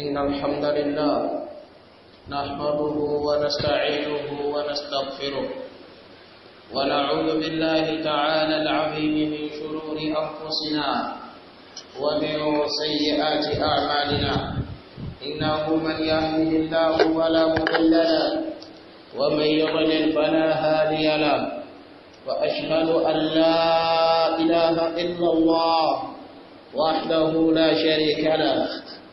إن الحمد لله نحمده ونستعينه ونستغفره ونعوذ بالله تعالى العظيم من شرور أنفسنا ومن سيئات أعمالنا إنه من يهده الله ولا مضل له ومن يضلل فلا هادي له وأشهد أن لا إله إلا الله وحده لا شريك له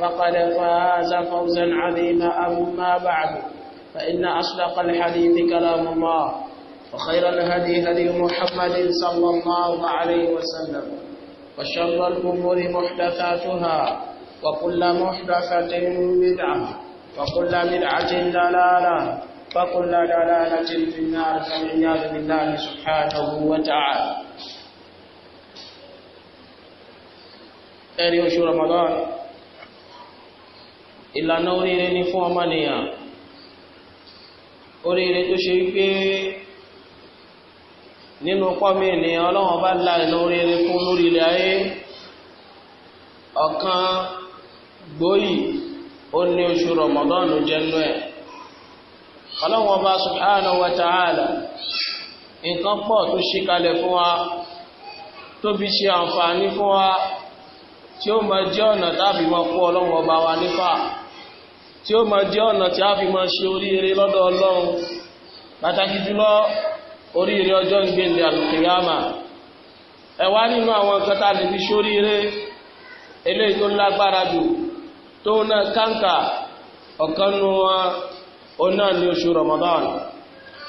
فقد فاز فوزا عظيما أما بعد فإن أصدق الحديث كلام الله وخير الهدي هدي محمد صلى الله عليه وسلم وشر الأمور محدثاتها وكل محدثة بدعة وكل بدعة دلالة وكل دلالة في النار فالعياذ بالله سبحانه وتعالى. أيها شو رمضان ìlànà oríire ni fún ọmọnìyàn oríire tó ṣe wípé nínú pọ́mì ènìyàn ọlọ́run bá la ìlànà oríire fún lórí ilẹ̀ ayé ọ̀kan gbòóyì ó ní oṣù rọmọdọ́nù jẹ́nu ẹ̀ ọlọ́run ọba subhanahu wa ta'ala nǹkan pọ̀ tó ṣe kalẹ̀ fún wa tóbi ṣe àǹfààní fún wa tí ó máa jẹ́ ọ̀nà tábìmọ̀ fún ọlọ́run ọba wa nípa. tí ó máa jẹ́ ọ̀nà tí a fi máa ṣe oríire lọ́dọ̀ ọlọ́run pàtàkì jùlọ oríire ọjọ́ ìgbèlè àlùkìyàmà ẹ nínú àwọn nǹkan tá a lè fi ṣoríire eléyìí tó lágbára jù tó ń náà káńkà ọ̀kan nu wọn òun náà ní oṣù Ramadan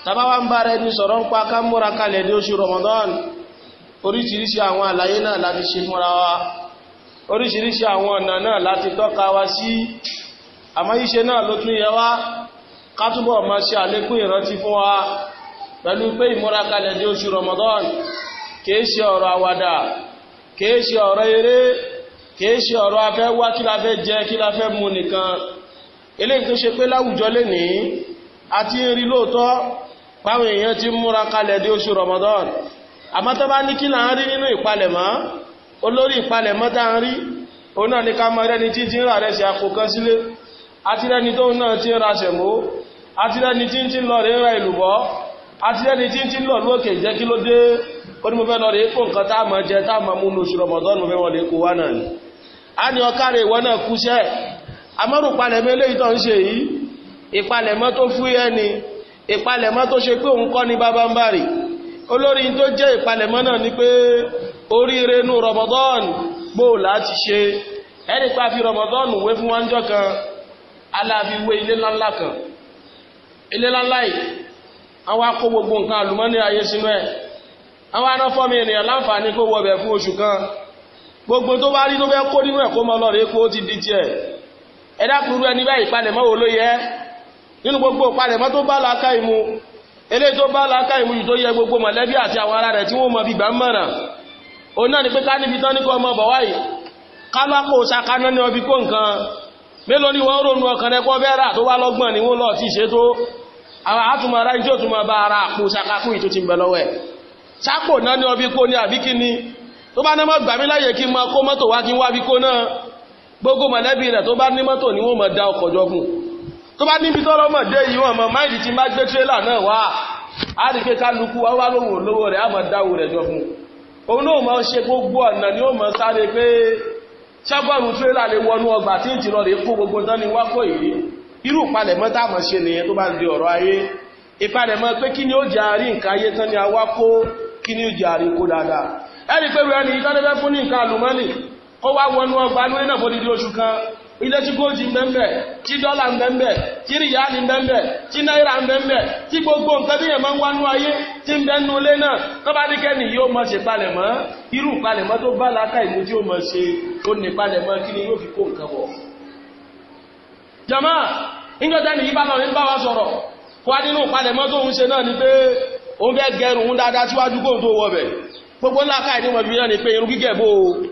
tàbá wa ń bára ẹni sọ̀rọ̀ ń pa ká múra kalẹ̀ ní oṣù Ramadan oríṣiríṣi àwọn àlàyé náà láti ṣe fúnra wa oríṣiríṣi àwọn ọ̀nà àmọ́ yíṣe náà ló tún yẹ wá ká túbọ̀ máa ṣe àlékún ìrántí fún wa pẹ̀lú pé ìmúra kalẹ̀ dé oṣù Ramadan kìí ṣe ọ̀rọ̀ àwàdà kìí ṣe ọ̀rọ̀ eré kìí ṣe ọ̀rọ̀ afẹ́ wá kí la fẹ́ jẹ kí la fẹ́ mu nìkan eléyìí tó ṣe pé láwùjọ lénìí Ramadan àmọ́ tó bá ní kí là ń rí nínú ìpalẹ̀mọ́ olórí ìpalẹ̀mọ́ tá ń rí òun náà ní ká mọ rẹ́ni títí ń rà rẹ̀ ṣe àpò sílé àtìrẹni tó náà ti ń ra ṣẹ̀mó àtìrẹni tí ń tí ń lọ rẹ̀ ń ra ìlúbọ́ àtìrẹni tí ń tí ń lọ lókè jẹ́ kí ló dé ó ní mo fẹ́ lọ rẹ̀ kó nǹkan tá a máa jẹ tá a máa mú nu oṣù Ramadan ni a ní ọkàrẹ̀ ìwọ náà kúṣẹ́ amọ́rù palẹ̀mọ́ eléyìí tó ń ṣe yìí jẹ́ ìpalẹ̀mọ́ náà ni pé oríire nu Ramadan gbòòlà ti ṣe ẹnì pa fi Ramadan wé fún wáńjọ́ kan aláàfi wé ilé ńláńlá kan ilé ńláńlá yìí àwọn akó gbogbo nǹkan àlùmọ́nì ayé sínú ẹ̀ àwọn anáfọ́mi ènìyàn láǹfààní kó wọ ọbẹ̀ fún oṣù kan gbogbo tó bá rí tó fẹ́ kó nínú ẹ̀ kó mọ lọ́rọ̀ epo ó ti di tiẹ̀ ẹ̀dá kúrú ẹni báyìí palẹ̀mọ́ wo ló yẹ nínú gbogbo palẹ̀mọ́ tó bá làákà ìmú eléyìí tó bá làákà ìmú yìí tó yẹ gbogbo mọ̀lẹ́bí àti àwọn ará rẹ̀ tí wọ́n mọ bíbá ń mọ̀ràn òun náà ni pé ká níbi tán ní kó ọmọ bọ̀ mélòó ni wọ́n rónú ọkàn rẹ̀ pọ́ tó wá lọ́gbọ̀n ni wọ́n lọ ti ṣe tó àwọn àtùmọ̀ ara ìjọ́ tó máa bá ara àpò sakakún ìtò ti ń bẹ ẹ̀ náà ní ọbí kó ní àbí ni tó bá ní kí n máa kó gbogbo mọ̀lẹ́bí rẹ̀ tó bá ni wọ́n da ọkọ̀ jọgùn tó bá níbi tọ́rọ mọ̀ dé yìí mọ̀ ti má gbé náà wá á rí pé kálukú gbogbo ọ̀nà ni ó sáré ṣọ́gọ́rùn tírélà lè wọnú ọgbà tí ń ti lọ fún gbogbo tán ni wákò ìrí irú ìpalẹ̀mọ́ táàmọ̀ ṣe nìyẹn tó bá ń di ọ̀rọ̀ ayé ìpalẹ̀mọ́ pé kí ni ó jẹ́ àrí nǹkan ayé tán ni a wá kó kí ni ó jẹ́ àrí kó dáadáa ẹni pé rẹ̀ ni ìtọ́lẹ́fẹ́ fún ní nǹkan àlùmọ́nì kó wá wọnú ọgbà lórí náà ilé tí góòjì ń bẹ́ẹ̀ tí dọ́là ń bẹ́ẹ̀ tí rìyá ni ń bẹ́ẹ̀ tí náírà ń bẹ́ẹ̀ tí gbogbo nǹkan tí yẹn máa ń wá nú ayé tí ń bẹ́ẹ̀ nú ilé náà tó bá díkẹ́ nìyí ó mọ̀ ṣe palẹ̀mọ́ irú palẹ̀mọ́ tó bá láká ìlú tí ó mọ̀ ṣe ó ní palẹ̀mọ́ kí ni yóò fi kó nǹkan wọ̀. jama ńgbọ́dá nìyí bá lọ ní bá wa sọ̀rọ̀ wá nínú palẹ̀mọ́ tó ń ṣe náà ni pé òun fẹ́ gẹrun dáadáa síwájú kóun tó wọ bẹ̀ gbogbo láká ìdí mọ̀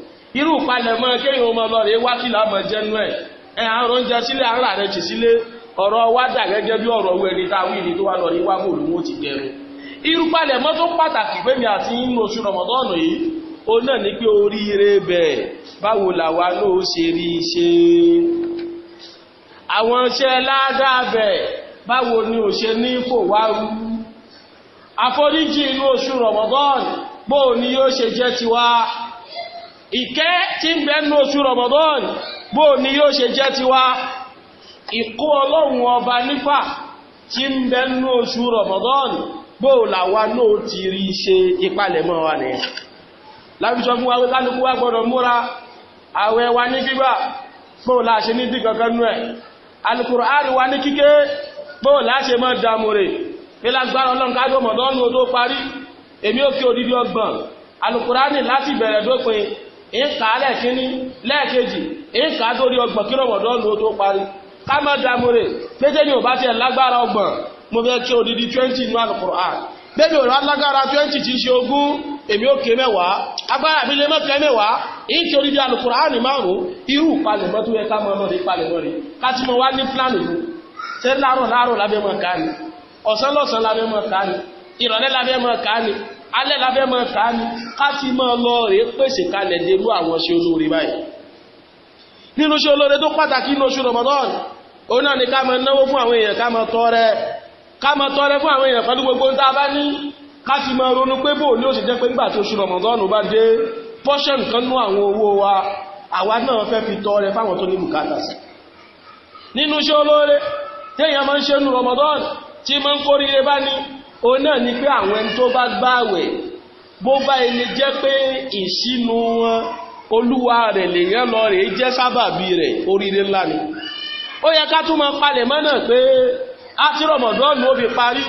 irú palẹ̀mọ́ kéèyàn ọmọ ọlọ́rẹ̀ wá kí láàmọ̀ jẹ́nu ẹ̀ ẹ̀ àrùn oúnjẹ sílé àrùn àrẹ jì sílé ọ̀rọ̀ wá dà gẹ́gẹ́ bí ọ̀rọ̀ owó ẹni táwọn ìní tó wá lọ rí wá bò lówó ti gẹrun irú palẹ̀mọ́ tó pàtàkì pé mi àti nínú oṣù rọmọdọ́ọ̀nù yìí ó náà ní pé oríire bẹ́ẹ̀ báwo làwa ló ṣe rí i ṣe àwọn iṣẹ́ ládàá bẹ́ẹ̀ báwo ni ò ṣe ní fò wá rú àforíjì inú oṣù rọmọdọ́ọ̀nù bóò ni yóò ṣe jẹ́ tiwa ìkẹ́ tí ń bẹ̀ẹ́nu oṣù Ramadan bó ni yóò ṣe jẹ́ tiwa ìkó ọlọ́run ọba nípa tí ń bẹ̀ẹ́nu oṣù Ramadan bó làwa náà ti rí ṣe ìpalẹ̀mọ́ wa nìyẹn lábíṣọ́ fún wa lálùkú wa gbọ́dọ̀ múra àwẹ̀ wa ní gbígbà bó láṣe ní dìkankan nú ẹ̀ Al-Qur'an wa ní kíké bó láṣe mọ́ dàmú láti bẹ̀rẹ̀ dópin ìkà lẹ́ẹ̀kíní lẹ́ẹ̀kejì ìkà dórí ọgbọ̀n kí rọ̀mọ̀dọ́nù ó tó parí ká má pété ni lágbára ọgbọ̀n mo fẹ́ kí inú ti ṣe ogún èmi ó ké mẹ́wàá agbára mi lè mẹ́wàá èyí tí odidi Al-Qur'an márùn-ún irú palẹ̀mọ́ tó yẹ ká mọ palẹ̀mọ́ plan alẹ́ la fẹ́ máa kà á ní ká ti máa lọ rèé pèsè kalẹ̀ dérú àwọn ṣe olóore báyìí nínú ṣe olóore tó pàtàkì nínú oṣù Ramadan òun náà ni ká máa náwó fún àwọn èèyàn ká máa tọrẹ ká máa tọrẹ fún àwọn èèyàn pẹ̀lú gbogbo tá a bá ní ká ti máa ronú pé bò ní ó ṣe jẹ́ pé nígbà tí oṣù Ramadan bá dé pọ́ṣẹ̀n kan nú àwọn owó wa àwa náà fẹ́ fi tọrẹ fáwọn tó ní bùkátà sí nínú ṣe olóore téèyàn máa ń ṣe nú Ramadan tí máa ń kórìíre bá ní òun náà ni pé àwọn ẹni tó bá gbààwẹ̀ bó bá ẹni jẹ́ pé ìṣínú wọn olúwa rẹ̀ lèèyàn lọ rèé jẹ́ sábàbí rẹ̀ oríire ńlá ni ó yẹ ká tún máa palẹ̀ mọ́ náà pé átírọ̀mọ̀dọ́nù ó fi parí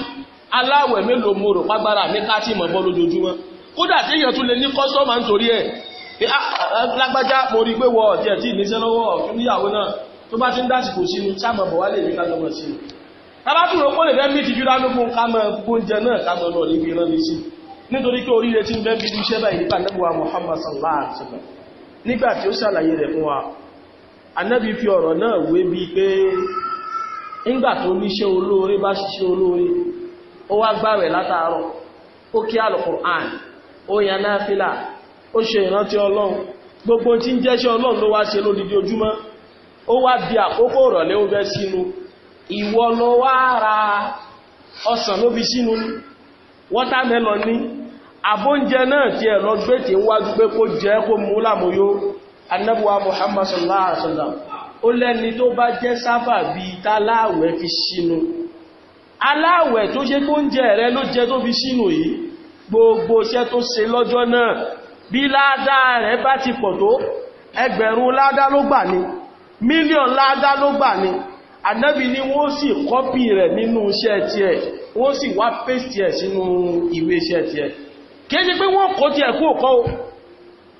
aláwẹ̀ mélòó mo rò págbára mi ká tí mọ̀ bọ́ lójoojúmọ́ kódà tí èèyàn tún lè ní kọ́sọ́mà nítorí ẹ̀ ah, lágbájá mo rí pé wọ ọ̀tí ẹ̀ tí ìníṣẹ́ lọ́wọ́ ọ̀tún níyàwó náà tó bá ti ń dásìkò sínú sáàmọ̀ bọ̀ wálé mi ká lọ́mọ sínú kábàtúrò kó lè fẹ́ méjì júdá lókun ká mọ oúnjẹ náà ká mọ lọ níbi ìran létí nítorí pé oríire tí ń bẹ́ bíbi iṣẹ́ báyìí nípa anábíwa Muhammad sallallahu alaihi wasallam nígbà tí ó ṣàlàyé rẹ̀ fún wa anábí fi ọ̀rọ̀ náà wé bí pé ńgbà tó níṣẹ́ olóore bá ṣiṣẹ́ olóore ó wá gbààwẹ̀ látàárọ̀ ó kí Al-Qur'an ó yan náfìlà ó ṣe ìrántí Ọlọ́run gbogbo tí ń jẹ́ṣẹ́ Ọlọ́run ló wá ṣe lódidi ojúmọ́ ó wá di àkókò ìrọ̀lẹ́ ó fẹ́ sínú ìwọ ló wá ra ọsàn ló fi sínú ní wọ́tàmẹ́lọ ní àbóúnjẹ náà tí ẹ̀ lọ gbé tí wájú pé kó jẹ́ kó mú lámúyó anábúwa Muhammad sallallahu alaihi wasallam ó lẹ́ni tó bá jẹ́ sábà bí táláwẹ̀ fi sínú aláwẹ̀ tó ṣe kó ń jẹ rẹ ló jẹ tó fi sínú yìí gbogbo iṣẹ́ tó ṣe lọ́jọ́ náà bí ládá rẹ̀ bá ti pọ̀ tó ẹgbẹ̀rún ládá ló gbà ní mílíọ̀n ládá ló gbà ní ànábì ni wọ́n sì kọ́pì rẹ̀ nínú iṣẹ́ ti ẹ̀ wọ́n sì wá pèsè ẹ̀ sínú ìwé iṣẹ́ ti ẹ̀ kìí pé wọ́n kó ti ẹ̀ kú òkọ́ o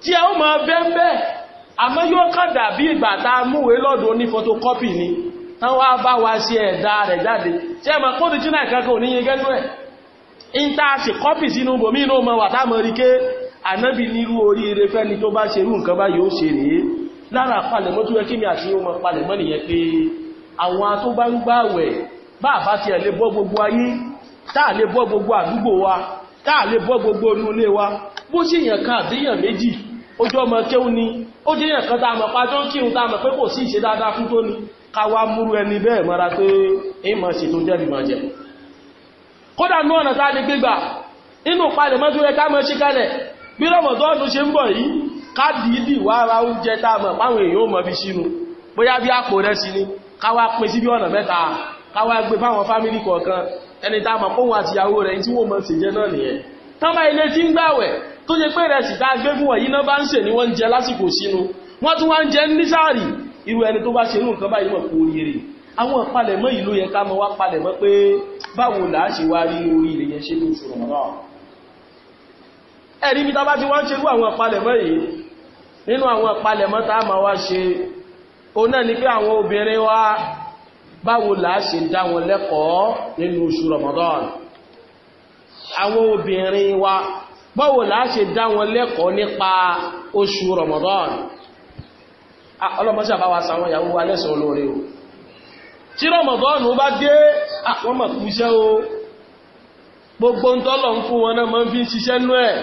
tí ẹ ó máa bẹ́ẹ̀ àmọ́ yóò kàn dàbí ìgbà tá a múwèé lọ́dọ̀ oní fotokọ́pì ni tán wá bá wa ṣe ẹ̀dá rẹ̀ jáde tí ẹ máa kóòdù china kankan òní yẹn gẹ́nu ẹ̀ ń tá a ṣe kọ́pì sínú bòmí inú ọmọ wà táà mọ̀ rí ké ànábì nírú oríire fẹ́ni tó bá ṣerú nǹkan bá yóò ṣe rèé lára palẹ̀mọ́ tó yẹ kí mi àti ọmọ palẹ̀mọ́ nìyẹn pé àwọn tó bá ń gbààwẹ̀ báàbá ti ẹ̀lẹ́ bọ́ gbogbo ayé táà lè bọ́ gbogbo àdúgbò wa táà lè bọ́ gbogbo inú wa bó sì yàn kan méjì ojú ọmọ kéhù ni ó jẹ́ kan tá a mọ̀ pàjọ́ kí n tá a mọ̀ pé kò sí ìṣe dáadáa fún tó ní káwa múrú ẹni bẹ́ẹ̀ pé tó jẹ́ ìmọ̀ jẹ́. kódà ní ọ̀nà tá a lè gbégbà palẹ̀ káwá pín sí bí ọ̀nà mẹ́ta káwá gbé fáwọn fámílì kọ̀ọ̀kan ẹni tá a mọ̀ pọ́wọ́ àti ìyàwó rẹ̀ tí wọ́n mọ̀ sí jẹ náà nìyẹn tán bá ilé tí ń gbàwẹ̀ tó ṣe pé ìrẹsì tá a gbé fún wọ̀nyí náà bá ń sè ní wọ́n ń jẹ lásìkò sínú wọ́n tún wá ń jẹ ní sáàrì irú ẹni tó bá ṣe irú nǹkan báyìí mọ̀ kó oríire àwọn ìpalẹ̀mọ́ yìí ló yẹ ká mọ wá palẹ̀mọ́ pé báwo làá ṣe wá rí orí ilẹ̀ yẹn ṣe ní oṣù rọ̀mọ́dọ́ ẹ̀rí bí tá bá ti wá ń ṣerú àwọn ìpalẹ̀mọ́ yìí nínú àwọn ìpalẹ̀mọ́ tá a máa wá ṣe òun náà ni pé àwọn obìnrin wa báwo làá ṣe dá wọn lẹ́kọ̀ọ́ nínú oṣù Ramadan àwọn obìnrin wa báwo làá ṣe dá wọn lẹ́kọ̀ọ́ nípa oṣù Ramadan ọlọ́mọṣà bá wa sàwọn ìyàwó wa lẹ́sàn olóore o tí Ramadan bá dé àwọn mọ̀ kú iṣẹ́ o gbogbo ń tọ́lọ̀ ń fún wọn náà máa ń fi ṣiṣẹ́ nú ẹ̀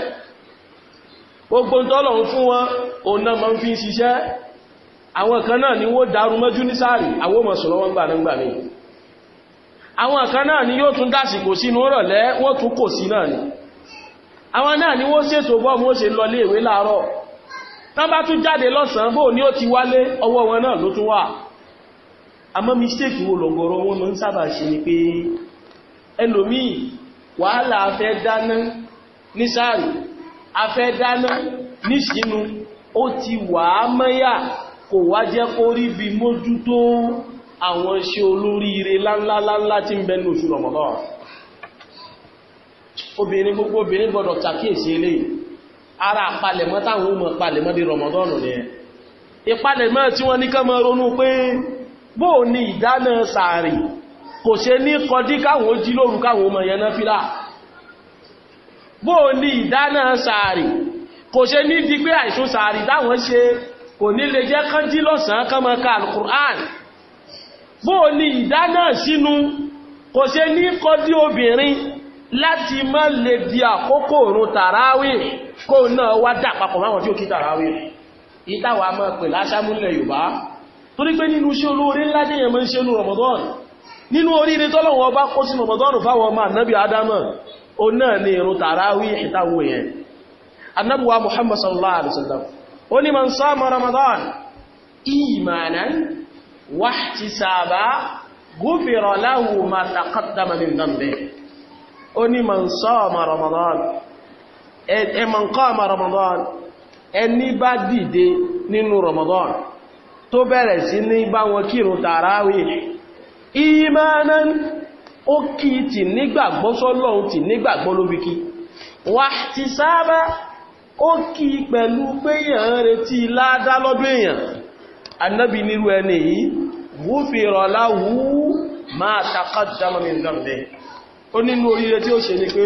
gbogbo ń tọ́lọ̀ ń fún wọn òun náà máa ń fi ṣiṣẹ́ àwọn kan náà ni wó dárú mọ́jú ní sáàrì àwọn ọmọ sọ̀rọ̀ wọn gbànàgbà ní àwọn kan náà ni yóò tún dásìkò sínú rọ̀lẹ́ wọ́n tún kò sí náà ni àwọn náà ni wọ́n ṣètò bọ́ọ̀mù ó ṣe lọ lé ìwé láàárọ̀ tán bá tún jáde lọ́sàn-án bóò ní ó ti wálé ọwọ́ wọn náà ló tún wà àmọ́ mistake wo lọ̀gọ̀rọ̀ wọn mọ́ ń sábà ni pé ẹlòmíì wàhálà ti wàá mọ́yà kò wá jẹ́ kó rí bí mójútó àwọn iṣẹ́ olóríire láńláńlá tí ń bẹnu oṣù Ramadan obìnrin gbogbo obìnrin gbọdọ̀ tàkíyèsí eléyìí ara àpalẹ̀mọ́ táwọn ọmọ palẹ̀mọ́ di Ramadan nìyẹn ìpalẹ̀mọ́ tí wọ́n ní ká máa ronú pé bóò ni ìdáná sàárì kò ṣe ní kọdí káwọn jí lóru káwọn ọmọ yẹn náà fílà bóò ni ìdáná sàárì kò ṣe ní di pé àìsùn sàárì táwọn ṣe kò ní lè jẹ́ kán jí lọ́sàn-án kán máa ka alukur'an bó o ní ìdáná sínú kò ṣe ní kọjú obìnrin láti má lè di àkókò òrùn tàràwì kó náà wá dà papọ̀ máwọn tí ó kí tàràwì ìtawà máa pè láṣámúlẹ̀ yorùbá torí pé nínú iṣẹ́ olóore ńlá jẹ́yàn máa ń ṣe ní rọmọdọ́ọ̀nù nínú oríire tọ́lọ̀wọ̀ muhammad sallallahu alaihi wasallam ó ní man sama ramadan imanan wahtisaba gufira lahu ma taqaddama min dhanbi ó ní man sama ramadan e man qama ramadan ẹni bá dìde nínú ramadan tó bẹ̀rẹ̀ sí ní bá wọn kírun tàràwì imanan ó kí ti nígbàgbọ́ ti nígbàgbọ́ lóbi kí ó kí pẹ̀lú pé yàn retí ládá lọ́dún èèyàn annabi nírú ẹni yìí gúfèrò láwú máa taqaddama min dhanbi ó nínú oríire tí ó ṣe ni pé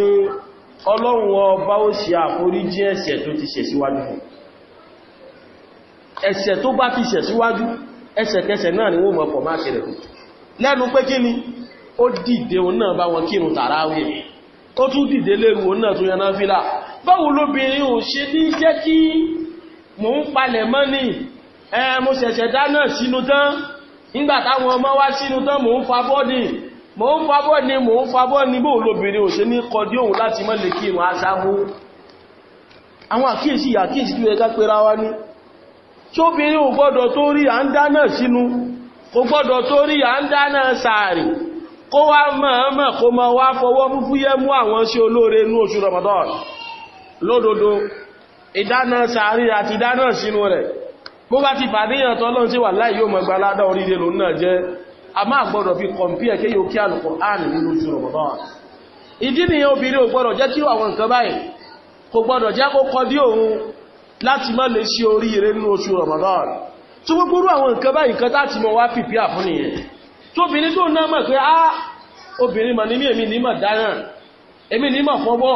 ọlọ́run ọba ó ṣe àforíjí ẹ̀ṣẹ̀ tó ti ṣẹ̀ síwájú ẹ̀ṣẹ̀ tó bá ti ṣẹ̀ síwájú ẹsẹ̀kẹsẹ̀ náà ni wọ́n mọ̀ pọ̀ máa ṣẹlẹ̀ lẹ́nu pé kí ni ó dìde òun náà bá wọn kírun tàràwí ó tún dìde lérú òun náà tún yaná fílà báwo lóbìnrin ò ṣe ní jẹ́ kí mò ń palẹ̀ mọ́ ni mo ṣẹ̀ṣẹ̀ dáná sínú tán nígbà táwọn ọmọ wá sínú tán mò ń fa bọ́ọ̀dì mò ń fa bọ́ọ̀dì mò ń fa bọ́ọ̀dì báwo lóbìnrin ò ṣe ní kọdí òun láti mọ́ lè kí ìwọ̀n aṣáwó àwọn àkíyèsí àkíyèsí wa ní tí obìnrin ò gbọ́dọ̀ tó lódodo ìdáná sàárì àti ìdáná sínú rẹ̀ bó bá ti pàdéyàn tọ́lọ́n sí wà láì yóò mọ̀ gbaládá oríire lòun náà jẹ́ a máa gbọ́dọ̀ fi kọ̀mpíẹ̀ kí yóò kí Al-Qur'an nínú oṣù Ramadan ìdí nìyẹn obìnrin ò gbọ́dọ̀ jẹ́ kí àwọn nǹkan báyìí kò gbọ́dọ̀ jẹ́ kó kọ dí òun láti má lè ṣe oríire nínú oṣù Ramadan tó gbogbo àwọn nǹkan báyìí nǹkan tóbìnrin tó náà mọ̀ pé á ah, obìnrin mà ní mí èmi ní mọ̀ dáná èmi ní mọ̀ fọ́bọ́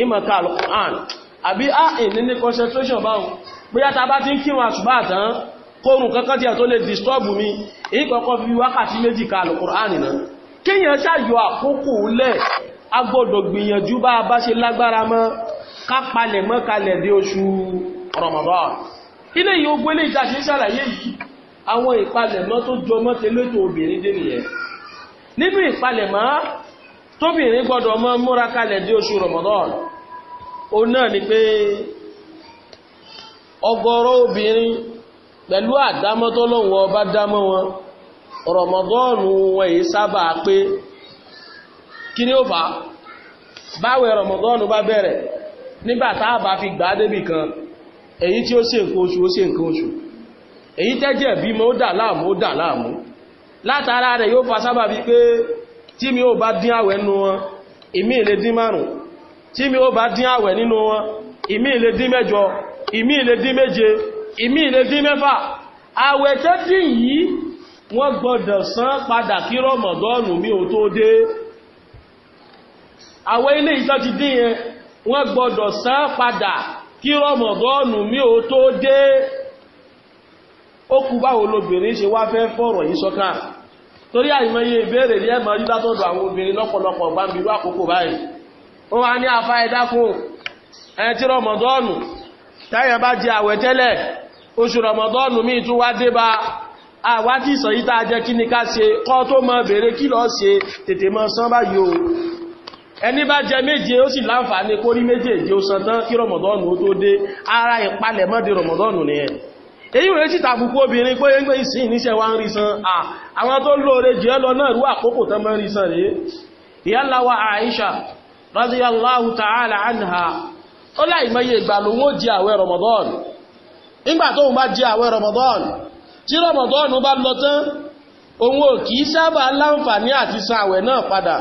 ìmọ̀ká alquran àbí àìn ah, níní concentration báhùn bóyá ta bá ti ń kírun àṣùbá àtàn kórùn kankan tí a tó lè disturb mi ìkọ̀kọ́ fi wákàtí méjì ka alquran nìna kíyàn ṣàyọ àkókò lẹ̀ agbọ́dọ̀ gbìyànjú bá a bá ṣe lágbára mọ́ ká palẹ̀ mọ́ kalẹ̀ dé oṣù Ramadan ilé yìí ó gbélé ìdáṣe nínú ìpalẹ̀mọ́ tóbìnrin gbọ́dọ̀ ọmọ múra kalẹ̀ di oṣù Ramadan ó náà ni pé obìnrin pẹ̀lú àdámọ́tọ́lọ́wọ́ bá dámọ́ wọn Ramadan wọn èyí sábà pé kí ni ó fà á báwẹ̀ Ramadan bá bẹ̀rẹ̀ nígbà bá fi gbà á débì kan èyí tí ó ṣe nǹkan oṣù ó ṣe nǹkan oṣù èyí tẹ́jẹ̀ dà láàmú ó dà láàmú látara rẹ̀ yóò fa sábà bíi pé tí mi ó bá dín àwẹ̀ nínú wọn ìmí lè dín márùn tí mi ó bá dín àwẹ̀ nínú wọn ìmí lè dín mẹ́jọ ìmí lè dín méje ìmí lè dín mẹ́fà àwẹ̀ tẹ́ dín yìí wọ́n gbọ́dọ̀ san padà kí rọmọdọ́ọ̀nù mi ò tó dé àwẹ̀ ilé ìtọ́ ti dín yẹn wọ́n gbọ́dọ̀ san padà kí rọmọdọ́ọ̀nù mi ò tó dé ó kú báwo lobìnrin ṣe wá fẹ́ fọ̀rọ̀ yìí sọ́kàn torí àìmọye ìbéèrè ní ẹ̀mọ́ rí látọ̀dọ̀ àwọn obìnrin lọ́pọ̀lọpọ̀ gbàmbìrú àkókò báyìí ó wá ní afá ẹ̀dákùn ẹni tí rọmọdọ́ọ̀nù táyà bá jẹ àwẹ̀ tẹ́lẹ̀ oṣù rọmọdọ́ọ̀nù míì tún wá dé bá àwa tí a jẹ́ kí ni ká ṣe kọ́ tó mọ bèèrè kí lọ ṣe tètè mọ san báyìí o ẹni bá jẹ méje ó sì láǹfààní kórí méjèèje ó san tán kí rọmọdọ́ọ̀nù ó tó dé ara ìpalẹ̀mọ́de rọmọdọ́ọ̀nù nìyẹn èyí rẹ̀ sí tàbùkú obìnrin pé ń gbé ìsìn níṣẹ́ wa ń rí san àwọn tó lóore jù ẹ́ lọ náà rú àkókò tán mọ́ rí san rèé ìyáláwà Àìṣà radiyallahu ta'ala anha ó láì mẹ́yẹ ìgbà ló wó jẹ àwẹ̀ Ramadan nígbà tó bá jẹ àwẹ̀ Ramadan tí Ramadan bá lọ tán òun ò kìí sábà láǹfààní àti san àwẹ̀ náà padà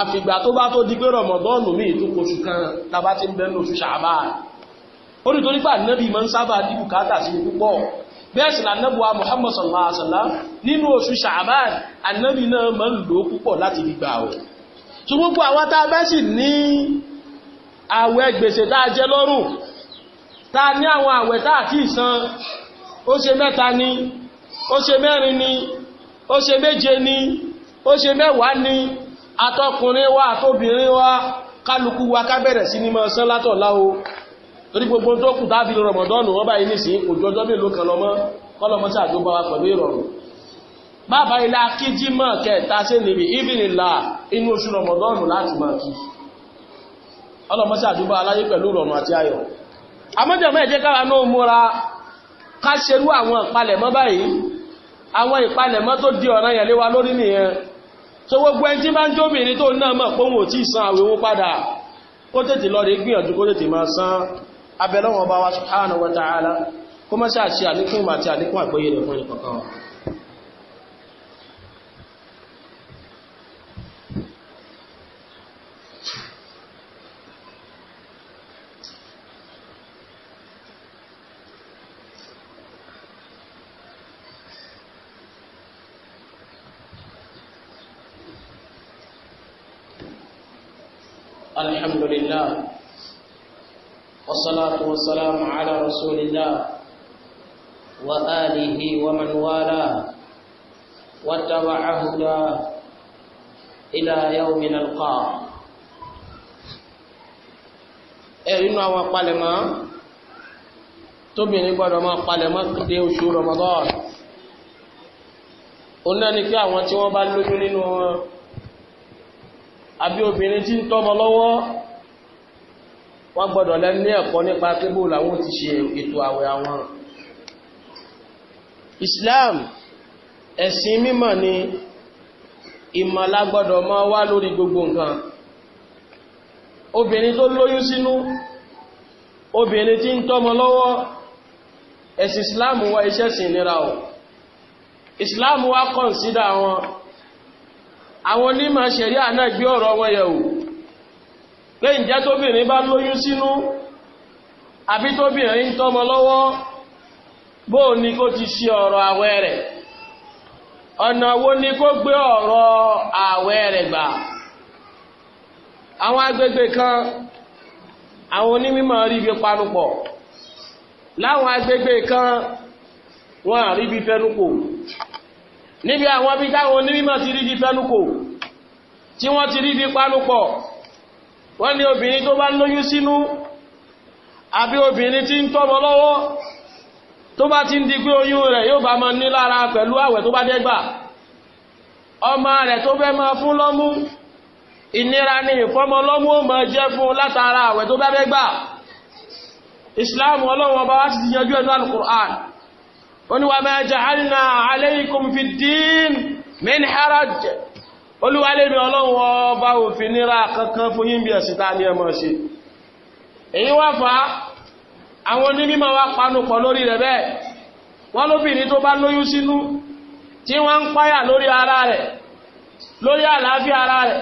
àfìgbà tó bá tó di pé Ramadan mi ìtúkọ̀ṣù kan tàbá ń bẹ́ẹ̀ lóṣù Ṣàbáà ó ní torí pà nábì máa ń sábà ní bùkátà sí púpọ̀ bẹ́ẹ̀ sì là nábùwá Muhammad sallallahu alaihi wasallam nínú oṣù Sha'ban ànábì náà máa ń lò ó púpọ̀ láti fi gbà ọ̀ tó gbogbo àwọn tá a bá sì ní àwẹ̀ gbèsè tá a jẹ lọ́rùn tá a ní àwọn àwẹ̀ tá a kì í ó ṣe mẹ́ta ni ó ṣe mẹ́rin ni ó ṣe méje ni ó ṣe mẹ́wàá ni atọkùnrin wa àtobìnrin wa kálukú wa ká bẹ̀rẹ̀ sí ní máa san látọ̀la o torí gbogbo tó kù tábí rọmọdọ́nù ọba yìí nìsín òjòjọ́ mélòó kan lọ́mọ́ kọ́lọ́mọ́ sí àjọba wa pẹ̀lú ìrọ̀rùn bàbá ilé akíjí mọ̀ kẹta sí níbi ìbìnìlà inú oṣù rọmọdọ́nù láti máa kí ọlọ́mọ́ sí àjọba aláyé pẹ̀lú ìrọ̀rùn àti ayọ̀ àmọ́jọ̀mọ́ ẹ̀jẹ̀ káwa náà múra ká ṣerú àwọn ìpalẹ̀mọ́ báyìí àwọn ìpalẹ̀mọ́ tó di ọ̀ràn yẹn lé wa lórí nìyẹn tó gbogbo ẹni tí bá ń jóbìnrin tó náà mọ̀ pé òun ò tí ì san àwẹ̀ padà kó tètè lọ rí gbìyànjú kó tètè máa san abẹ́lọ́wọ̀n bá wa subhanahu wa ta'ala kó mọ́ sáà sí àlékún ìmọ̀ àti àlékún àgbóyè rẹ̀ fún ìkọ̀kan wọn والصلاة والسلام على رسول الله وآله ومن والاه واتبع هداه إلى يوم نلقاه ẹ̀rínú àwọn palẹ̀mọ́ tóbìnrin gbọ́dọ̀ máa palẹ̀mọ́ dé oṣù Ramadan òun náà ni pé àwọn tí wọ́n bá lóyún nínú wọn àbí obìnrin tí ń tọ́mọ lọ́wọ́ wọ́n gbọ́dọ̀ lẹ́nu ní ẹ̀kọ́ nípa kébò làwọn ti ṣe ètò àwẹ̀ àwọn Islam ẹ̀sìn mímọ̀ ni ìmọ̀lá gbọ́dọ̀ máa wá lórí gbogbo nǹkan obìnrin tó lóyún sínú obìnrin tí ń tọ́mọ lọ́wọ́ ẹ̀sìn Islam wa iṣẹ́ sìn nira ọ̀ Islam wa kọ̀nsídà wọn àwọn onímọ̀ ṣẹ̀ríà náà gbé ọ̀rọ̀ wọn yẹ̀wò pé ǹjẹ́ tóbìnrin bá lóyún sínú àbí tóbìnrin ń tọ́mọ lọ́wọ́ bóò ni kó ti ṣe ọ̀rọ̀ àwẹ̀ rẹ̀ ọ̀nà wo ni kó gbé ọ̀rọ̀ àwẹ̀ rẹ̀ gbà àwọn agbègbè kan àwọn onímọ̀ rí ibi panupọ̀ láwọn agbègbè kan wọ́n rí ibi fẹ́nukò níbi àwọn ibi táwọn onímọ̀ ti rí ibi fẹ́nukò tí wọ́n ti rí ibi panupọ̀ wọ́n ní obìnrin tó bá lóyún sínú àbí obìnrin tí ń tọ́mọ lọ́wọ́ tó bá ti ń di pé oyún rẹ̀ yóò bá máa ní lára pẹ̀lú àwẹ̀ tó bá dẹ́gbà ọmọ rẹ̀ tó fẹ́ máa fún lọ́mú ìnira ni ìfọ́mọ lọ́mú ó máa látara àwẹ̀ tó ọba ti yanjú olúwálẹ́mi ọlọ́run ọba òfin níra kankan fún yín ẹ̀sìn tá ní ẹmọ ṣe èyí wá fà àwọn onímọ̀ wá panupọ̀ lórí rẹ̀ bẹ́ẹ̀ wọ́n lóbìnrin tó bá lóyún sínú tí wọ́n ń páyà lórí ara rẹ̀ lórí àlàáfíà ara rẹ̀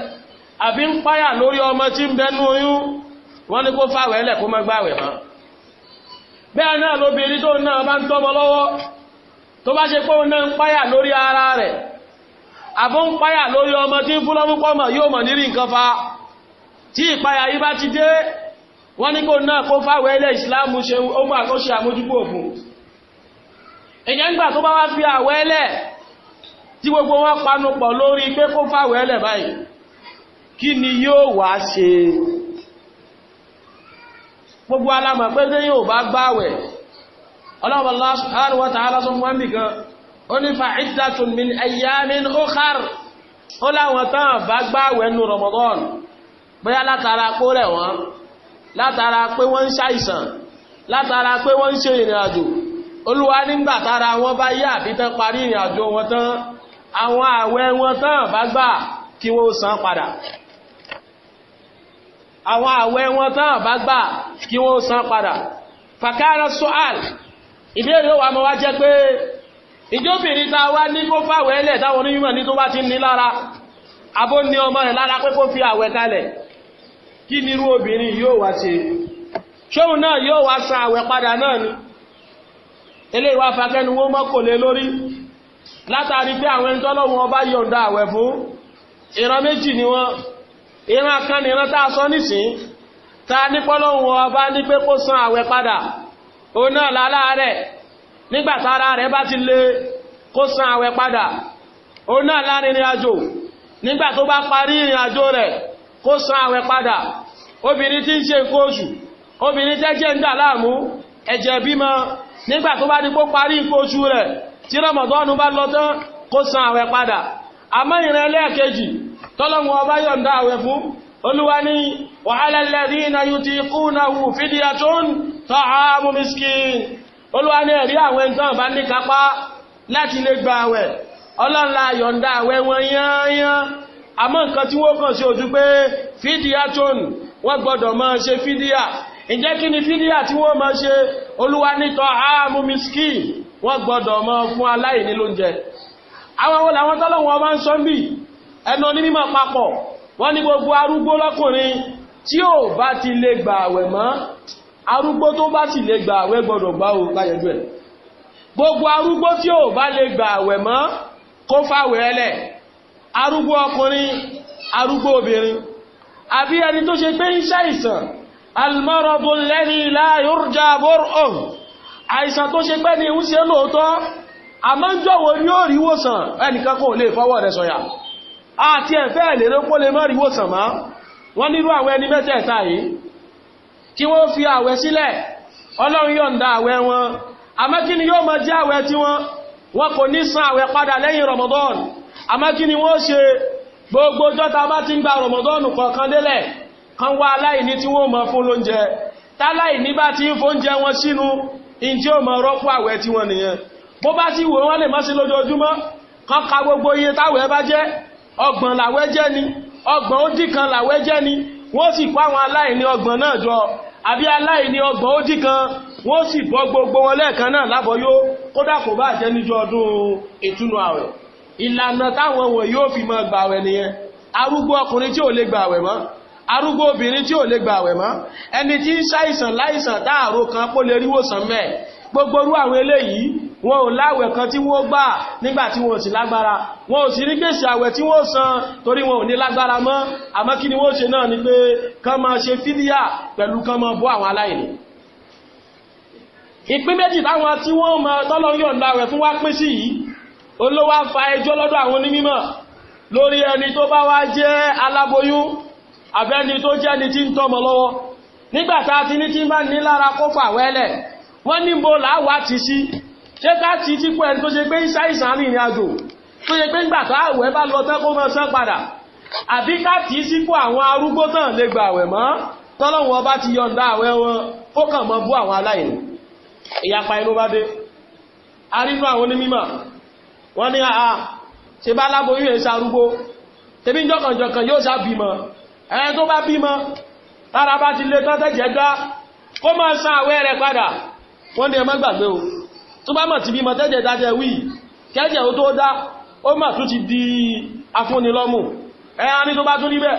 àbí ń páyà lórí ọmọ tí bẹnu oyún wọ́n ní kó kó gbàwẹ̀ mọ́ bẹ́ẹ̀ náà lóbìnrin tó náà bá ń tọ́mọ lọ́wọ́ tó bá ṣe pé òun náà ń páyà lórí ara rẹ̀ Abụ ń páyà lórí ọmọ tí ń fúnlọ́múpọ́mọ̀ yóò mọ̀ nírí nǹkan fa tí ìpáyà yí bá ti dé wọ́n nígbò náà kó fáwẹ́ ilẹ̀ ìsìláàmù ṣe ohun àkóṣe àmójúgbò òfin ìyẹn gbà tó bá wá fi gbogbo wọn lórí pé kó báyìí kí ni yóò gbogbo alamọ̀ pé yóò bá gbáwẹ̀ ọlọ́run nìkan ó ní fa ìdátun min ayyamin ukhar ó láwọn tán bá gbààwẹ̀ nínú Ramadan bóyá látara pé rẹ̀ wọ́n látara pé wọ́n ń ṣàìsàn látara pé wọ́n ń ṣe ìrìn àjò olúwa nígbà tára wọn bá yá àbí tán parí ìrìn àjò wọn tán àwọn àwẹ̀ wọn tán bá gbà kí wọ́n san padà àwọn àwẹ̀ wọn tán bá gbà kí wọ́n san padà fàkàrà sọ́àl ìbéèrè wa mọ́ wá jẹ́ pé ìjóbìnrin ta wá ní kó fàwẹ̀ ẹlẹ̀ táwọn onímọ̀ ní tó bá ti ní lára abó ní ọmọ rẹ̀ lára pé kó fi àwẹ̀ kalẹ̀ kí nírú obìnrin yóò wá ṣe ṣóhun náà yóò wá san àwẹ̀ padà náà ni eléyìí wá fakẹ́nu wó mọ́kòlé lórí látàrí pé àwọn ẹni ọba yọ̀ǹda àwẹ̀ fún ìran méjì ni wọ́n ìran kan ìran tá a sọ nísìn ta ní ọba ní pé kó san àwẹ̀ padà òun náà láláàárẹ̀ nígbà tára rẹ̀ bá ti lé kó san àwẹ̀ padà òun náà láàrin ìrìn àjò nígbà tó bá parí ìrìn àjò rẹ̀ kó san àwẹ̀ padà obìnrin tí ń ṣe nǹkan oṣù obìnrin tẹ́jẹ̀ ń dà láàmú ẹ̀jẹ̀ bímọ nígbà tó bá di kó parí nǹkan oṣù rẹ̀ tí rọmọdọ́nù bá lọ tán kó san àwẹ̀ padà àmọ́ ìrìn ẹlẹ́ẹ̀kejì tọ́lọ́mù olúwa ní ẹ̀rí àwọn ẹni tán bá ní kápá láti lè gba àwẹ̀ ọlọ́la yọ̀ǹda àwẹ̀ wọn yányán àmọ́ nǹkan tí wọ́n kàn sí ojú pé fídíà tónù wọ́n gbọ́dọ̀ máa ṣe fídíà ǹjẹ́ kí ni fídíà tí wọ́n máa ṣe olúwa nítọ́ ààmú miskí wọ́n gbọ́dọ̀ máa fún aláìní lóúnjẹ arúgbó tó bá sì lè gba àwẹ̀ gbọ́dọ̀ gbá o láyẹjú ẹ̀ gbogbo arúgbó tí ò bá lè gba àwẹ̀ mọ́ kó fàwẹ̀ ẹlẹ̀ arúgbó ọkùnrin arúgbó obìnrin àbí ẹni tó ṣe pé iṣẹ́ ìsàn almarọ́bù lẹ́ni láyórjà bọ́rọ̀ àìsàn tó ṣe pé ní ń ṣe lóòótọ́ àmọ́ ń jọ̀wọ́ ní ó ríwòsàn ẹnìkan kò lè fọwọ́ rẹ̀ sọ̀yà àti ẹ̀fẹ́ ìlérópó ríwòsàn mọ́ wọ́n nírú àwọn ẹni mẹ́tẹ̀ẹ̀ta yìí tí wọ́n fi àwẹ̀ sílẹ̀ ọlọ́run yọ̀ǹda àwẹ̀ wọn amákíni yóò máa jẹ́ àwẹ̀ tí wọ́n wọn kò ní san àwẹ̀ padà lẹ́yìn Ramadan amákíni wọ́n ṣe gbogbo jọta bá ti ń gba Ramadan kọ̀ọ̀kan délẹ̀ kan wá aláìní tí wọ́n máa fún lóúnjẹ táláìní bá ti ń fóúnjẹ wọn sínú in tí ó máa rọ́pò àwẹ̀ tí wọ́n nìyẹn bó bá sì wò ni ọgbọ̀n ó àwọn aláìní ọgbọ̀n náà jọ àbí aláìní ọgbọ̀n ó dí kan wọ́n sì bọ́ gbogbo wọn lẹ́ẹ̀kan náà lábọ́yó kódà kò bá jẹ́ níjọ́ ọdún ìtúnu àwẹ̀ ìlànà táwọn wọn yóò fi máa gbà àwẹ̀ nìyẹn arúgbó ọkùnrin tí ò lè gbà àwẹ̀ mọ́ arúgbó obìnrin tí ò lè gbà àwẹ̀ mọ́ ẹni tí ń ṣàìsàn láìsàn táàrò kan kó lè ríwòsàn mẹ́ẹ̀ gbogbo orú àwọn eléyìí wọn ò láwẹ̀ kan tí wọ́n gbà nígbà tí wọ́n ò sì lágbára wọn ò sì rí gbèsè àwẹ̀ tí wọ́n san torí wọn ò ní lágbára mọ́ àmọ́ kí ni wọ́n ṣe náà ni pé kán máa ṣe fídíà pẹ̀lú kán máa bọ́ àwọn aláìní ìpín méjì táwọn tí wọ́n mọ tọ́lọ́yọ̀ láwẹ̀ fún wá pín sí yìí olówó fa ẹjọ́ lọ́dọ̀ àwọn onímọ̀ lórí ẹni tó bá wá jẹ́ aláboyún ni tí ń tọ́mọ lára kó fàwẹ́lẹ̀ wọ́n ní bó làwà ti sí ṣé ká ti tí pẹ́ tó ṣe pé ìṣàìsàn rìnrìn àjò tó ṣe pé nígbà táwẹ̀ bá lọ tán kó máa san padà àbí ká ti sípò àwọn arúgbó tán lè gbà àwẹ̀ mọ́ tọ́lọ́wọ́n ọba ti yọ̀ǹda àwẹ̀ wọn ó kàn mọ́ bú àwọn aláìní ìyapa inú bá dé ti lé tọ́tẹ̀jẹ́ gbá kó máa san àwẹ̀ rẹ̀ padà wọ́n ní ẹ gbàgbé o tó bá mọ̀ ti bí mọ̀tẹ́jẹ̀ dájẹ́ wí kẹ́jẹ̀ ó tó dá o mọ̀ tó ti di afúnnilọ́mù ẹ̀yà ní tó bá tún níbẹ̀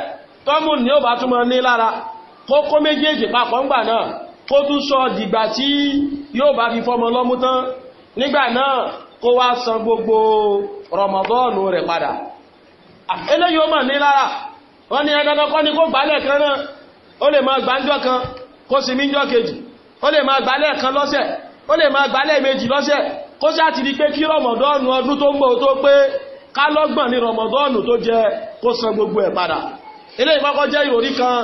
tọ́mù ní ó bá tún ní lára kó kó méjèèjì papọ̀ ńgbà náà kó tún sọ dìgbà tí gbogbo rọmọdọ́ọ̀nù rẹ̀ padà eléyìí o mọ̀ ní lára wọ́n ni ó lè máa gbálẹ̀ kan lọ́sẹ̀ ó lè máa gbálẹ̀ méjì lọ́sẹ̀ kó sá ti di pé kí rọmọdọ́ọ̀nù ọdún tó ń bọ̀ tó pé kálọ́gbọ̀n ní rọmọdọ́ọ̀nù tó jẹ kó san gbogbo ẹ̀ padà ilé ìkọ́kọ́ jẹ́ ìròrí kan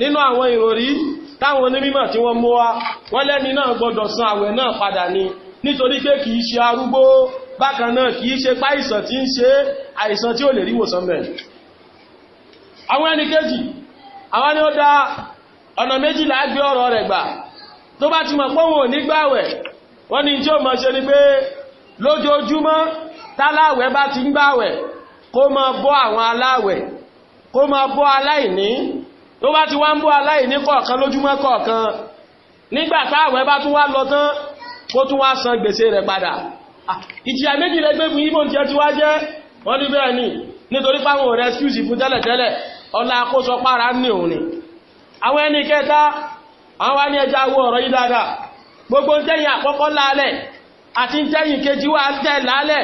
nínú àwọn ìròrí táwọn onímọ̀ tí wọ́n mú wá wọ́n lẹ́ni náà gbọ́dọ̀ san àwẹ̀ náà padà ni nítorí pé kìí ṣe arúgbó bákan náà kìí ṣe páìsàn tí ń ṣe àìsàn tí ó lè ríwòsàn bẹ̀rẹ̀ àwọn ẹni kéjì àwọn ni ó dá ọ̀nà méjìlá gbé ọ̀rọ̀ rẹ̀ gbà tó bá ti mọ̀ pọ́wọ́ nígbàwẹ̀ wọ́n ní tí ó mọ̀ ṣe ni pé lójoojúmọ́ táláwẹ̀ bá ti ń gbàwẹ̀ kó mọ bọ́ àwọn aláwẹ̀ kó mọ bọ́ aláìní tó bá ti wá ń bọ́ aláìní kọ̀ọ̀kan lójúmọ́ kọ̀ọ̀kan nígbà táwẹ̀ bá tún wá lọ tán kó tún wá san gbèsè rẹ̀ padà ìjìyà méjì lẹ gbé àwọn wá ní ẹja wo ọ̀rọ̀ yìí dáadáa gbogbo tẹ́yìn àkọ́kọ́ lálẹ̀ àti tẹ́yìn kejì wá tẹ́ lálẹ̀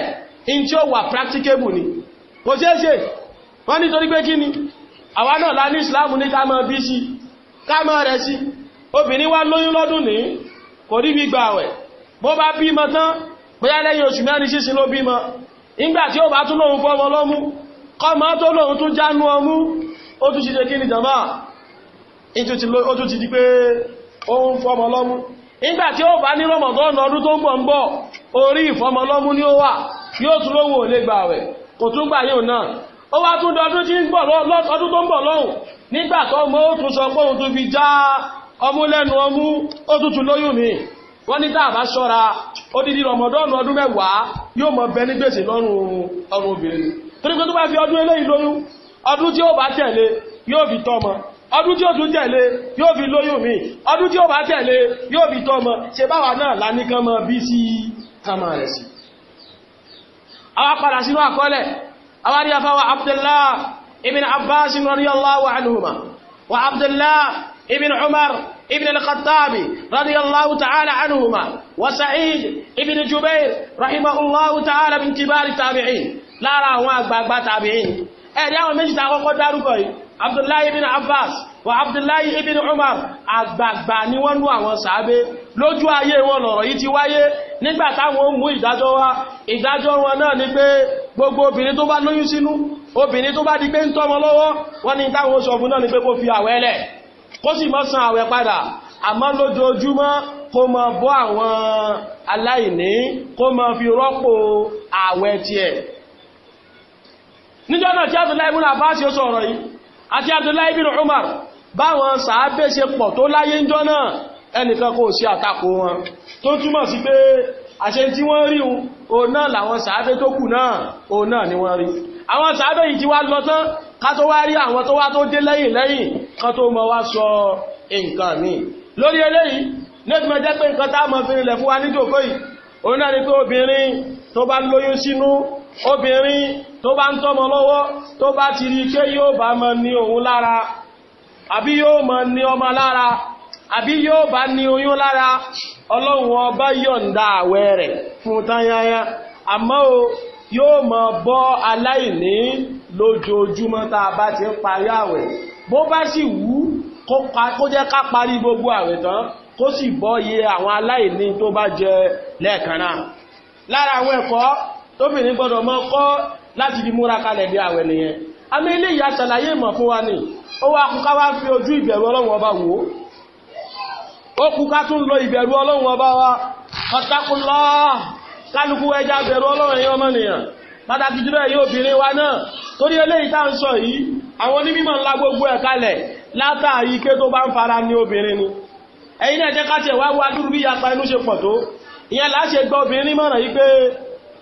in tí ó wà practicable ni kò ṣeé ṣe wọ́n nítorí pé kí ni àwa náà lá ní Islam ní ká mọ bí sí ká mọ rẹ̀ sí obìnrin wá lóyún lọ́dún ní kò rí gbígba àwẹ̀ bó bá bímọ tán bóyá lẹ́yìn oṣù mẹ́rin sísin ló bímọ ìgbà tí ó bá tún lóhun fọ́mọ lọ́mú kọ́mọ tó lóhun tún jánú ọmú ó tún ṣiṣẹ́ kí ni jàmáà ó tó ti di pé ó ń fọmọ lọ́mú nígbà tí ó bá ní rọmọdọ́nà ọdún tó ń bọ̀ ń bọ̀ orí ìfọmọ lọ́mú ni ó wà yóò tún lówó lè gbà rẹ̀ kò tún gbà yóò náà ó wá tún dọdún tí ọdún tó ń bọ̀ lọ́hùn nígbà tó mọ́ ó tún sọ mi wọ́n ní dáàbá ṣọ́ra odidi rọmọdọ́nù ọdún mẹ́wàá yóò mọ bẹ ní gbèsè lọ́rùn ọrùn obìnrin torí pé tó bá fi ọdún eléyìí lóyún ọdún yóò fi tọ́mọ ọdún tí ó tún tẹ̀lé yóò fi lóyún mi ọdún tí ó bá tẹ̀lé yóò fi tọ́mọ ṣe báwa náà láníkan mọ́ bí sí kama rẹ̀ sí àwa padà sínú àkọọ́lẹ̀ àwa rí afáwa Abdullah ibn Abbas radiyallahu anhuma wa Abdullah ibn Umar ابن الخطاب رضي الله تعالى عنهما وسعيد ابن جبير رحمه الله تعالى من كبار التابعين لا لا هو أكبر تابعين أريد أن أقول لك abdullahi ibn abbas wa abdullahi ibn umar àgbààgbà ni wọ́n nú àwọn sàábé lójú ayé wọn lọ̀rọ̀ yìí ti wáyé nígbà táwọn ó mú ìdájọ́ wá ìdájọ́ wọn náà ni pé gbogbo obìnrin tó bá lóyún sínú obìnrin tó bá di pé ń tọ́mọ lọ́wọ́ wọ́n ní táwọn sọ fún náà ni pé kó fi àwẹ̀ lẹ̀ kó sì mọ́ san àwẹ̀ padà àmọ́ lójoojúmọ́ kó mọ bọ́ àwọn aláìní kó mọ fi rọ́pò àwẹ̀ tiẹ̀ níjọ́ náà tí abdullahi ibn abbas yóò sọ ọ̀rọ̀ yìí àti Abdullahi bin Umar báwọn sàábẹ́ ṣe pọ̀ tó láyé ńjọ́ náà ẹnìkan kò sí àtakò wọn tó túmọ̀ sí pé àṣẹ tí wọ́n rí òun náà làwọn sàábẹ́ tó kù náà òun náà ni wọ́n rí àwọn sàábẹ́ yìí ti wá lọ tán ká tó wá rí àwọn tó wá tó dé lẹ́yìn lẹ́yìn kan tó mọ wá sọ nǹkan mi lórí eléyìí lẹ́gbẹ̀ẹ́ jẹ́ pé nǹkan tá a mọ̀ fi rinlẹ̀ fún wa nídòkó yìí òun náà ni pé obìnrin tó bá lóyún sínú obìnrin tó bá ń tọ́mọ lọ́wọ́ tó bá ti rí pé yóò bá mọ ní òun lára àbí yóò mọ ní ọmọ lára àbí yóò bá ní oyún lára ọlọ́run ọba yọ̀ǹda àwẹ̀ rẹ̀ fún tányányá àmọ́ o yóò mọ bọ́ aláìní lójoojúmọ́ tá a bá ti ń parí àwẹ̀ bó bá sì wù kó jẹ́ ká parí gbogbo àwẹ̀ tán kó sì bọ́ iye àwọn aláìní tó bá jẹ lẹ́ẹ̀kan náà lára àwọn ẹ̀kọ́ tóbìnrin gbọ́dọ̀ mọ́ kọ́ láti fi múra kalẹ̀ bí àwẹ̀ nìyẹn àmì ilé ìyá ṣàlàyé ìmọ̀ fún wa ní ó wá wá fi ojú ìbẹ̀rù ọlọ́run ọba wò ó kú ká tún lọ ìbẹ̀rù ọlọ́run ọba wa ọ̀tàkùnlọ́ kálukú ẹja bẹ̀rù ọlọ́run ẹ̀yọ́ ọmọnìyàn pàtàkì jùlọ ẹ̀yọ́ wa náà fara ìyẹn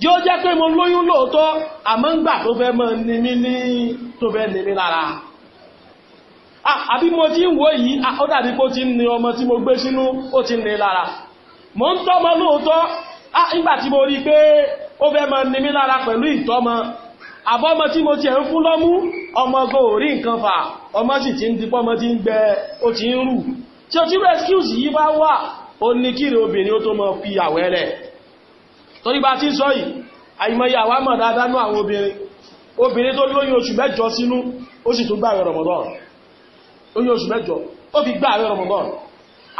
yóò jẹ́ pé mo lóyún lóòótọ́ àmọ́ ń gbà tó fẹ́ mọ́ ní mí ní tó fẹ́ ní mí lára àbí mo ti ń wò yìí ó dàbí pé ó ti ń ní ọmọ tí mo gbé sínú ó ti ń ní lára mo ń tọ́mọ lóòótọ́ nígbà tí mo rí pé ó fẹ́ mọ́ ní mí lára pẹ̀lú ìtọ́mọ àbọ́mọ tí mo ti ẹ̀ ń fún lọ́mú ọmọ go rí nǹkan fà ọmọ sì ti ń dipọ́ ọmọ ti ń gbẹ ó ti ń rù tí ó ti rescue yìí bá wà ó ní kíri obìnrin ó tó mọ fi àwẹ́rẹ̀ torí bá ti sọ yìí àìmọye àwa mọ̀ dáadáa nú àwọn obìnrin obìnrin tó lóyún oṣù mẹ́jọ sínú ó sì tún gbààwẹ̀ Ramadan lóyún oṣù mẹ́jọ ó fi gbààwẹ̀ Ramadan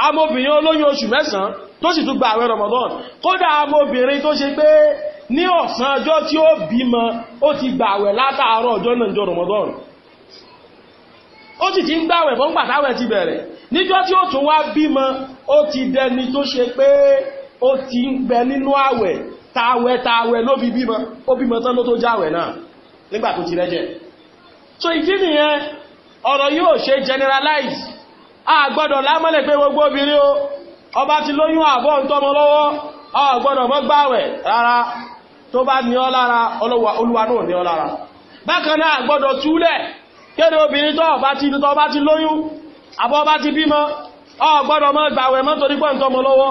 amóbìnrin olóyún oṣù mẹ́sàn-án tó sì tún gbààwẹ̀ Ramadan kódà amóbìnrin tó ṣe pé ní ọ̀sán ọjọ́ tí ó bímọ ó ti gbààwẹ̀ látàárọ̀ ọjọ́ náà jọ Ramadan ó sì ti ń gbààwẹ̀ fún pàtàwẹ̀ ti bẹ̀rẹ̀ níjọ́ tí ó tún wá bímọ ó ti dẹni tó ṣe pé ó ti ń bẹ nínú àwẹ̀ tàwẹ̀ tàwẹ̀ ló fi bímọ ó bímọ tán ló tó jáwẹ̀ náà nígbà tó ti rẹ́jẹ̀ so ìdí nìyẹn ọ̀rọ̀ yóò ṣe generalize a gbọ́dọ̀ lámọ́lẹ̀ pé gbogbo obìnrin o ọba ti lóyún àbọ̀ ń tọ́mọ lọ́wọ́ a gbọ́dọ̀ mọ́ gbàwẹ̀ rárá tó bá ní ọ lára olúwa náà ní ọ lára bákan náà gbọ́dọ̀ túlẹ̀ kéde obìnrin tó ọba ti tọ́ ọba ti lóyún àbọ̀ ọba ti bímọ ọ gbọ́dọ̀ mọ́ gbàwẹ̀ mọ́ torí pọ́ ń tọ́mọ lọ́wọ́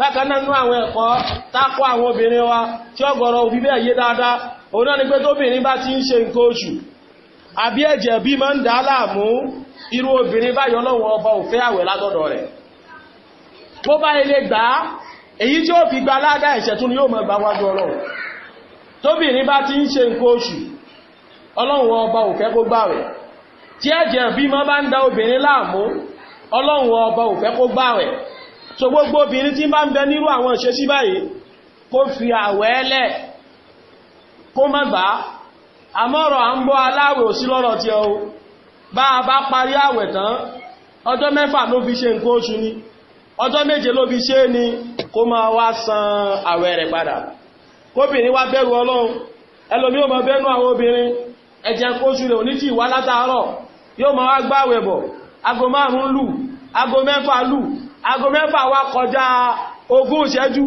bákan náà nú àwọn ẹ̀kọ́ tákọ́ àwọn obìnrin wa tí ọ̀gọ̀rọ̀ òbí bẹ́ẹ̀ yé dáadáa òun náà ni pé tóbìnrin bá ti ń ṣe nǹkan oṣù àbí ẹ̀jẹ̀ bí máa ń dà á láàmú irú obìnrin báyọ̀ lọ́wọ́ ọba òfẹ́ àwẹ̀ látọ̀dọ̀ rẹ̀ bó bá ilé gbà á èyí tí ó fi gba aládá ẹ̀ṣẹ̀ tún yóò mọ̀ bá wájú ọlọ́run tóbìnrin bá ti ń ṣe nǹkan oṣù ọlọ́run ọba òfẹ́ kó gbàwẹ̀ tí ẹ̀jẹ̀ bí máa bá ń da obìnrin láàmú ọlọ́run ọba òfẹ́ kó gbàwẹ̀ so gbogbo obìnrin tí bá ń bẹ nírú àwọn ìṣe sí báyìí kó fi àwẹ̀ ẹlẹ̀ kó má gbà á àmọ́rọ̀ à ń gbọ́ aláwẹ̀ ò sí lọ́rọ̀ tí ó bá a bá parí àwẹ̀ tán ọjọ́ mẹ́fà ló fi ṣe nǹkan oṣù ni ọjọ́ méje ló fi ṣe é ni kó máa wá san àwẹ̀ rẹ̀ padà kóbìnrin wá bẹ̀rù ọlọ́run ẹlòmí ò máa bẹ́nu aago mẹ́fà wá kọjá ogún ìṣẹ́jú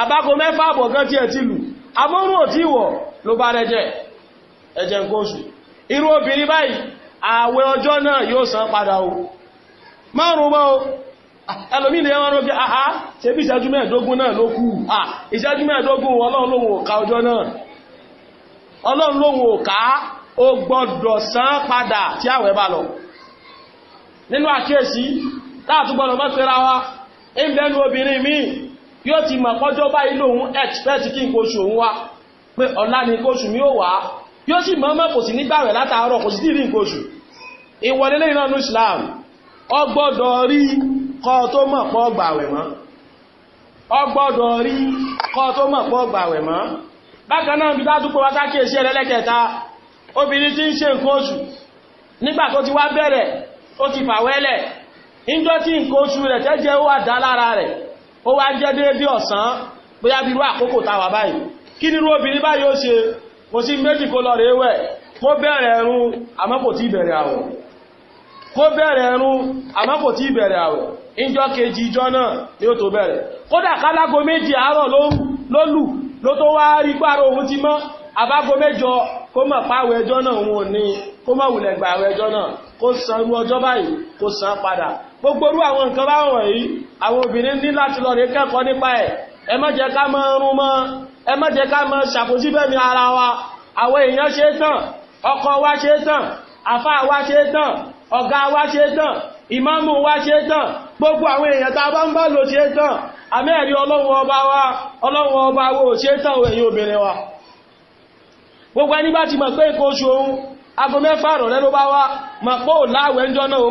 àbágo mẹ́fà àbọ̀ gan tiẹ̀ ti lù amóhùn ò tí wọ̀ ló bá rẹ jẹ ẹ̀jẹ̀ nǹkan oṣù irú obìnrin báyìí ààwẹ̀ ọjọ́ náà yóò san padà o márùn-ún mọ́ o ẹlòmíì lè wọ́n rọ́gbẹ́ àá ṣe bí ìṣẹ́jú mẹ́ẹ̀dógún náà ló kù à ìṣẹ́jú nínú àkíyèsí láàtúgbọ́nà mọ́ síra wa ìbẹ̀nu obìnrin míì yóò ti mọ̀ pọ́jọ́ báyìí lòun expect kí n kò ṣù òun wa pé ọ̀la ni kò ṣù mí ò wá yóò sì mọ́mọ́ kò sí nígbà rẹ̀ látàárọ̀ kò sí tìrí nǹkan oṣù ìwọlé lẹ́yìn náà ní Islam ọ gbọ́dọ̀ rí kọ́ tó mọ̀ pọ́ gbàwẹ̀ mọ́ ọ rí kọ́ tó mọ̀ pọ́ gbàwẹ̀ mọ́ bákan náà bí dájú pé wákà kíyèsí ẹlẹ́lẹ́kẹta obìnrin tí ń ṣe nǹkan oṣù nígbà tó ti wá bẹ̀rẹ̀ ó ti fàwẹ́lẹ̀ níjọ́ tí nǹkan oṣù rẹ̀ tẹ́jẹ́ ó wà dá lára rẹ̀ ó wá jẹ́ déédé ọ̀sán bóyá bí irú àkókò táwa báyìí kí nírú obìnrin báyìí ó ṣe kò sí méjì kó lọ rèé wẹ̀ kó bẹ̀rẹ̀ ẹ̀rún àmọ́ kò tí bẹ̀rẹ̀ àwẹ̀ kó bẹ̀rẹ̀ ẹ̀rún àmọ́ kò tí bẹ̀rẹ̀ àwẹ̀ ìjọ kejì ìjọ náà ni ó tó bẹ̀rẹ̀ kódà kálágo méjì àárọ̀ ló ló tó wá rí pàrọ̀ ohun ti mọ́ àbágo mẹ́jọ kó mọ̀ páwẹ̀ ẹjọ́ náà òun ò ní kó mọ̀ wùlẹ̀gbà ẹjọ́ náà kó san irú ọjọ́ báyìí kó san padà gbogbo orú àwọn nǹkan báwọn yìí àwọn obìnrin ní láti lọ rí kẹ́kọ̀ọ́ nípa ẹ̀ ẹ má ká ara wa àwọn èèyàn ṣe tán ọkọ wa ṣe tán àfá wa ṣe tán ọ̀gá wa ṣe tán ìmáàmù wa ṣe tán gbogbo àwọn èèyàn tá a bá ń bá lò ṣe ọlọ́run ọba wa ọlọ́run ọba wo ṣe obìnrin wa gbogbo ẹni bá ti mọ̀ pé nǹkan oṣù aago mẹ́fà ló bá wá ń jọ náà o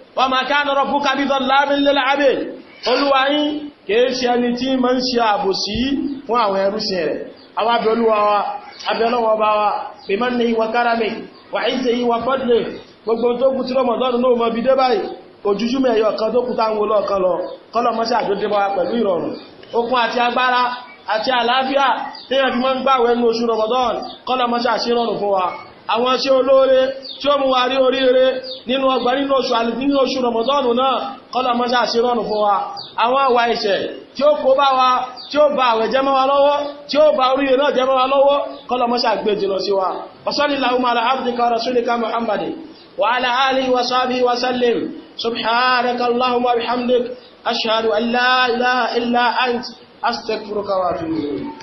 wa ma kana rabbuka bidhallamin lil abid olúwa yín kìí ṣe ẹni tí ma ń ṣe àbòsí fún àwọn ẹrúsìn rẹ̀ àwọn wa abẹ́lọ́wọ́ bá wa bi mannihi wa karamihi wa izzihi wa fadlihi gbogbo tó kú tí rọmọdọ́nù náà mọ́ bí dé báyìí ojújú mẹ́yọ kan tó kú táwọn olóọ̀kan wa pẹ̀lú ìrọ̀rùn okun àti agbára àti àlàáfíà tí wọ́n fi mọ́ ń gbàwẹ̀ ní oṣù rọmọdọ́nù kọ́lọ̀ mọ́sí àṣírọ̀rùn fún wa àwọn ṣe olóore tí ó mú wa rí oríire nínú ọgbà nínú oṣù nínú oṣù rọmọdọ́nù náà kọ́lọ̀ mọ́ṣá àṣírọ́nù fún wa àwọn àwa ẹ̀ṣẹ̀ tí ó kó bá wa tí ó bá àwẹ̀ jẹ́mọ́ wa lọ́wọ́ tí ó bá oríire náà jẹ́mọ́ wa lọ́wọ́ kọ́lọ̀ mọ́ṣá gbé jùlọ sí wa wasalli lahumma